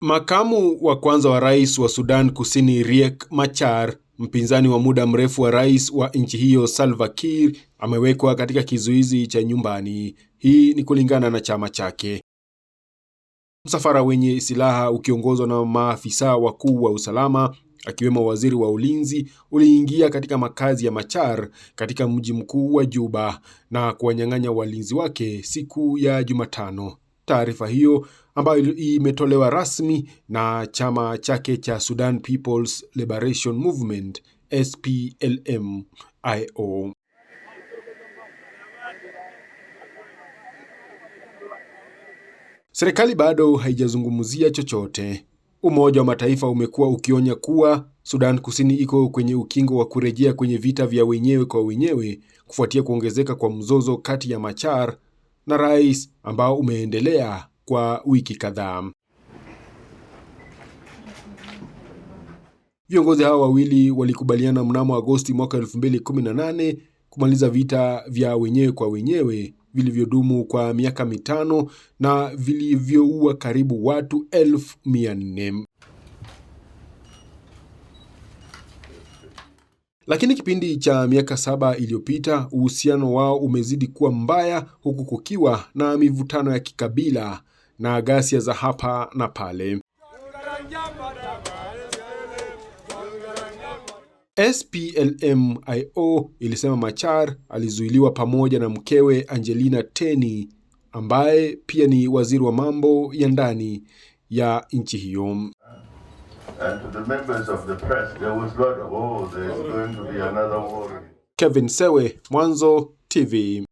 Makamu wa kwanza wa rais wa Sudan Kusini Riek Machar, mpinzani wa muda mrefu wa rais wa nchi hiyo Salva Kiir, amewekwa katika kizuizi cha nyumbani. Hii ni kulingana na chama chake. Msafara wenye silaha ukiongozwa na maafisa wakuu wa usalama akiwemo waziri wa ulinzi uliingia katika makazi ya Machar katika mji mkuu wa Juba na kuwanyang'anya walinzi wake siku ya Jumatano. Taarifa hiyo ambayo imetolewa rasmi na chama chake cha Sudan People's Liberation Movement SPLM-IO. Serikali bado haijazungumzia chochote. Umoja wa Mataifa umekuwa ukionya kuwa Sudan Kusini iko kwenye ukingo wa kurejea kwenye vita vya wenyewe kwa wenyewe kufuatia kuongezeka kwa mzozo kati ya Machar na rais ambao umeendelea kwa wiki kadhaa. Viongozi hao wawili walikubaliana mnamo Agosti mwaka 2018 kumaliza vita vya wenyewe kwa wenyewe vilivyodumu kwa miaka mitano na vilivyoua karibu watu elfu mia nne. Lakini kipindi cha miaka saba iliyopita uhusiano wao umezidi kuwa mbaya, huku kukiwa na mivutano ya kikabila na ghasia za hapa na pale. SPLM-IO ilisema Machar alizuiliwa pamoja na mkewe Angelina Teny ambaye pia ni waziri wa mambo ya ndani ya nchi hiyo and to to the the members of press there was oh, going be another Kevin Sewe, Mwanzo TV.